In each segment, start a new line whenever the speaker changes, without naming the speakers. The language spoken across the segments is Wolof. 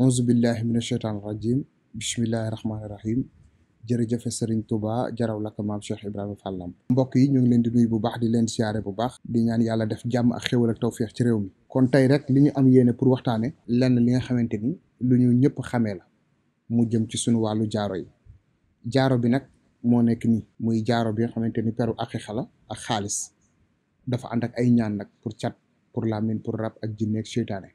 أعوذ بالله من الشيطان الرجيم بسم الله الرحمن الرحيم jërëjëf serigne touba jaraw lak maam cheikh ibrahima fallam mbokk yi ñu ngi leen di nuyu bu baax di leen siaré bu baax di ñaan Yalla def jamm ak xéwal ak tawfiix ci réew mi kon tay rek li ñu am yéene pour waxtaane lenn li nga xamanteni lu ñu ñëpp xamé la mu jëm ci sunu walu jaaro yi jaaro bi nak mo nekk ni muy jaaro bi nga xamanteni peru aqiqa xala ak xaalis dafa ànd ak ay ñaan nak pour chat pour lamine pour rap ak jinné ak seytaane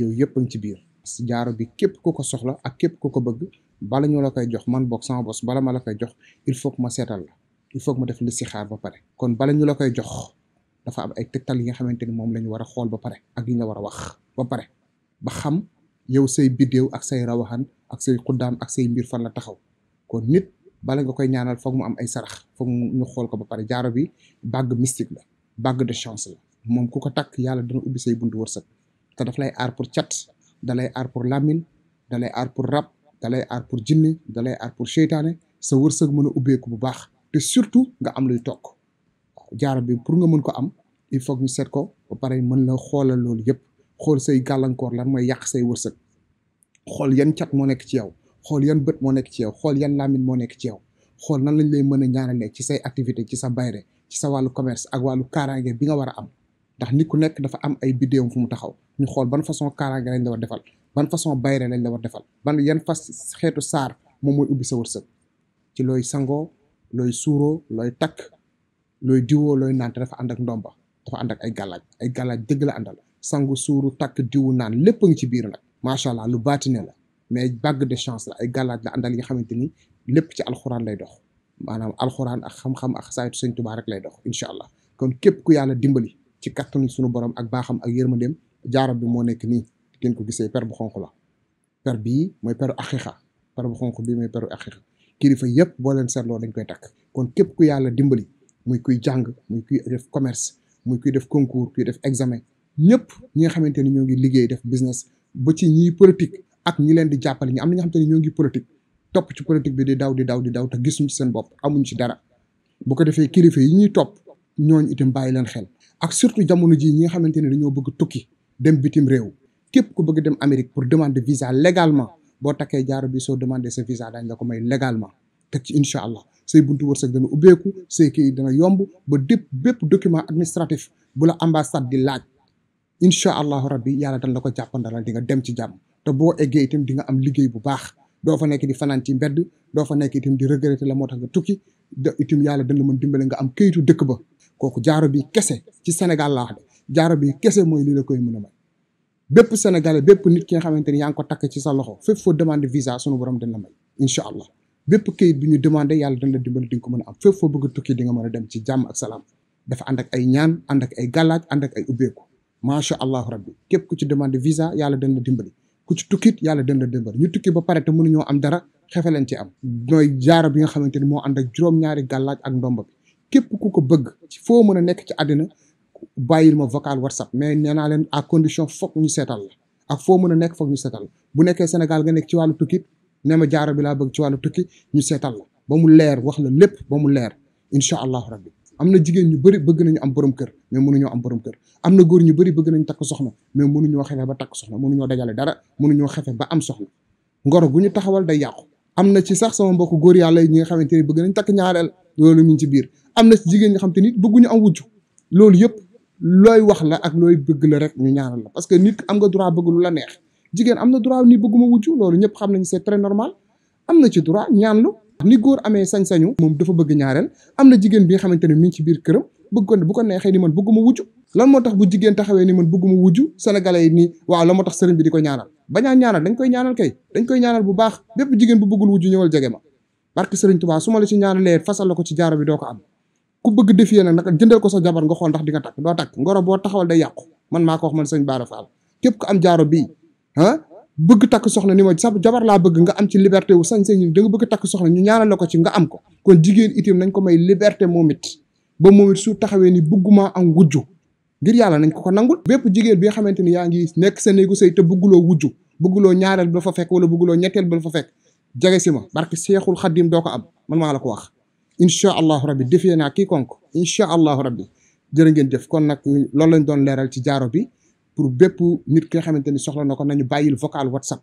yow yëpp ngi ci biir jaaro bi képp ku ko soxla ak képp ku ko bëgg bala ñu la koy jox man boog sama bos bala ma la koy jox il faut ma seetal la il faut que ma def listixaar ba pare kon bala ñu la koy jox dafa am ay tegtal yi nga xamante ni moom la ñu war a xool ba pare ak yi nga war a wax ba pare ba xam yow say biddéew ak say ak say xuddaam ak say mbir fan la taxaw kon nit bala nga koy ñaanal foog mu am ay sarax foog ñu xool ko ba pare jaaro bi bag mystique la bague de chance la moom ku ko takk yàlla dana ubbi say buntu wërsëg te daf lay aar pour cat dalay aar pour làmmiñ dalay aar pour rab dalay aar pour jinne dalay aar pour seytaane sa wërsëg mën a ubbeeku bu baax te surtout nga am luy tokk waaw jaaro bi pour nga mën ko am il foog ñu seet ko ba pare mën la xoolal loolu yëpp xool say gàllankoor lan mooy yàq say wërsëg xool yan cat moo nekk ci yow xool yan bët moo nekk ci yow xool yan làmmiñ moo nekk ci yow xool nan lañ lay mën a ñaanalee ci say activité ci sa bayre ci sa wàllu commerce ak wàllu kaaraange bi nga war a am ndax nit ku nekk dafa am ay biddéewam fu mu taxaw ñu xool ban façon kaaraange lañ la war defal ban façon bayre lañ la war defal ban yan fas xeetu saar moom mooy ubbi sa wërsëg ci looy sangoo looy suuroo looy takk looy diwoo looy naan te dafa ànd ak ndomba dafa ànd ak ay gàllaaj ay gàllaaj dëgg la àndal sangu suuru takk diwu naan lépp a ngi ci biir nag macha allah lu baatine la mais bague de chance la ay gàllaaj la àndal yi nga xamante ni lépp ci alxuraan lay dox maanaam alxuraan ak xam ak saytu sëñ lay dox incha allah kon ku yàlla dimbali ci kattanu suñu borom ak baaxam ak yërmandeem jaaro bi moo nekk nii ngeen ko gisee per bu xonq la per bii mooy peru aqiqa per bu xonq bii mooy peru aqiqa kilifa yëpp boo leen seetloo dañ koy takk kon képp ku yàlla dimbali muy kuy jàng muy kuy def commerce muy kuy def concours kuy def examen ñëpp ñi xamante ni ñoo ngi liggéey def business ba ci ñi politique ak ñi leen di jàppale ñi am na ñoo xamante ni ñoo ngi politique topp ci politique bi di daw di daw di daw te gisuñu ci seen bopp amuñu ci dara bu ko defee kilifa yi ñuy topp ñooñu itam bàyyi leen xel ak surtout jamono jii ñi nga xamante ne dañoo bëgg tukki dem bitim réew képp ku bëgg dem Amérique pour demander visa légalement boo takkee jaaro bi soo demander sa visa daañ la ko may légalement teg ci incha allah say buntu wërsëg dana ubbeeku say kii dana yomb ba dépp bépp document administratif bula la ambassade di laaj incha allahu rabbi yàlla dan la ko jàppandalal di nga dem ci jàmm te boo eggee itam di nga am liggéey bu baax doo fa nekk di fanaan ci mbedd doo fa nekk itam di regretter la moo tax nga tukki da itam yàlla nga am kayitu dëkk ba kooku jaaro bi kese ci Sénégal la de jaaro bi kese mooy li la koy mën a may bépp sénégalais bépp nit ki nga xamante ni yaa ngi ko takk ci sa loxo fépp foo demande visa sunu borom dina la may incha allah bépp kayit bi ñu demandé yàlla dina la dimbali di nga ko a am fépp foo bëgg a a dem ci jàmm ak salaam dafa ànd ak ay ñaan ànd ak ay gàllaaj ànd ak ay ubbeeku macha allah rabbi képp ku ci demande visa yàlla dem la dimbali ku ci tukkit yàlla dem la dimbali ñu tukki ba pare te mënuñoo am dara xefe leen ci am. mooy jaaro bi nga xamante ni moo ànd ak ñaari gàllaaj ak ndomba képp ku ko bëgg ci foo mën a nekk ci àddina bàyyil ma vocal whatsapp mais nee naa leen à condition foog ñu seetal la ak foo mën a nekk foog ñu seetal bu nekkee Sénégal nga nekk ci wàllu tukki ne ma jaaro bi laa bëgg ci wàllu tukki ñu seetal la ba mu leer wax la lépp ba mu leer incha allahu rabbi am na jigéen ñu bari bëgg nañu am borom kër mais mënuñoo am borom kër am na góor ñu bëri bëgg nañu takk soxna mais mënuñoo xefe ba takk soxna mënuñoo dajale dara mënuñoo xefe ba am soxna ngoro gu ñu taxawal day yàqu am na ci sax sama mbokk góor yàlla ñi nga xamante ni bëgg nañ takk ñaareel loolu ñu ci biir am na si jigéen ñi xam te nit bëgguñu am wujj loolu yëpp looy wax la ak looy bëgg la rek ñu ñaanal la parce que nit am nga droit bëgg lu la neex jigéen am na droit ni bëgguma wujj loolu ñëpp xam nañu c'est normal am na ci droit ñaan lu ni góor amee sañ-sañu moom dafa bëgg ñaareel am na jigéen bi nga xamante mi ngi ci biir këram bëgg ko bu ko neexee ni man bëgguma wujj lan moo tax bu jigéen taxawee ni man bëgguma wujj sénégalais yi nii waaw la moo tax sëriñ bi di ko ñaanal bañaa ñaanal dañ koy ñaanal kay dañ koy ñaanal bu baax bépp jigéen bu bëggul wujj ñëwal jege ma barke sëriñ Tuubaa su ma la ci ñaanalee fasal la ko ci jaaro bi doo ko am ku bëgg defiyee nag nag jëndal ko sa jabar nga xol ndax di nga tak do tak ngoro bo taxawal day yàqu man mako wax man sëñ Bara Fall képp ku am jaaro bi ha ah, bëgg tak soxna ni mo sa jabar la bëgg nga am ci liberté wu sañ-sañ da nga bëgg tak soxna ñu ñaanal lako ci nga am ko kon jigéen itim nañ ko may liberté momit ba momit su taxawé ni bëgguma am wujju ngir yalla nañ ko ko nangul bépp jigéen bi xamanteni yaangi nek sa neegu sey te lo wujju lo ñaaral ba fa fekk wala lo ñettel ba fa fekk jage sima barki cheikhul khadim doko am man ma la ko wax incha allahu rabbi defee naa quiconque incha allahu rabbi jërë ngeen jëf kon nag loolu lañ doon leeral ci jaaro bi pour bépp nit ki nga xamante ni soxla na ko nañu bàyyil vocal whatsapp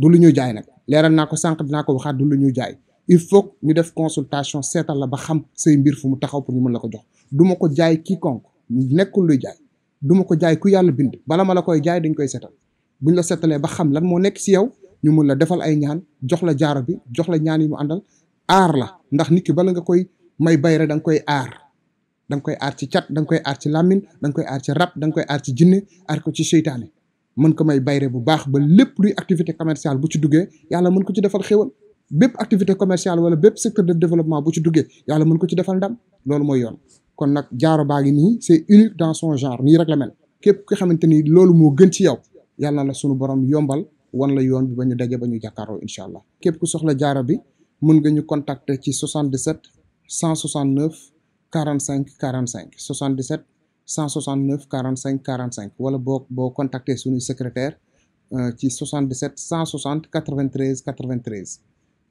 du lu ñu jaay nag leeral naa ko sànq dinaa ko waxaat du lu ñuy jaay il faut ñu def consultation seetal la ba xam say mbir fu mu taxaw pour ñu mën la ko jox du ma ko jaay quiconque nekkul luy jaay du ma ko jaay ku yàlla bind bala ma la koy jaay dañ koy seetal buñ la seetalee ba xam lan moo nekk si yow ñu mun la defal ay ñaan jox la jaaro bi jox la ñaan yi mu àndal ar la ndax nit ki bala nga koy may bay rek dang koy ar dang koy ar ci chat dang koy ar ci lamine dang koy ar ci rap dang koy ar ci jinne ar ko ci sheytane mën ko may bayre bu baax ba lepp luy activité commerciale bu ci duggé yalla mën ko ci defal xewal bép activité commerciale wala bép secteur de développement bu ci duggé yalla mën ko ci defal ndam lolu moy yoon kon nak jaaro baagi ni c'est unique dans son genre ni rek la mel képp ki xamanteni lolu mo gën ci yow yalla la sunu borom yombal wan la yoon bi bañu dajé bañu jakkaro inshallah képp ku soxla jaaro bi mën nga ñu contacter ci 77 169 45 45 77 169 45 45 wala boo boo contacter suñu secrétaire euh, ci 77 160 93 93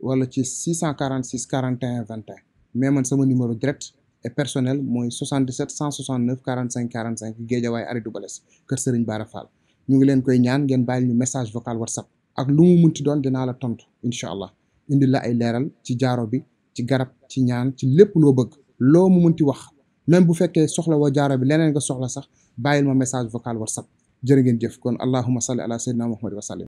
wala ci 646 41 21 mais man sama numéro direct et personnel mooy 77 169 45 45 Guédiawaye Arrêt Dubalès Kër Serigne Bara ñu ngi leen koy ñaan ngeen bàyyi ñu message vocal WhatsApp ak lu mu munti la tontu incha allah. indi la ay leral ci jaaro bi ci garab ci ñaan ci lépp loo bëgg lo mu munti wax même bu fekke soxla woo jaaro bi leneen nga soxla sax bayil ma message vocal whatsapp jeere ngeen jëf kon allahumma salli ala sayyidina muhammad wa sallam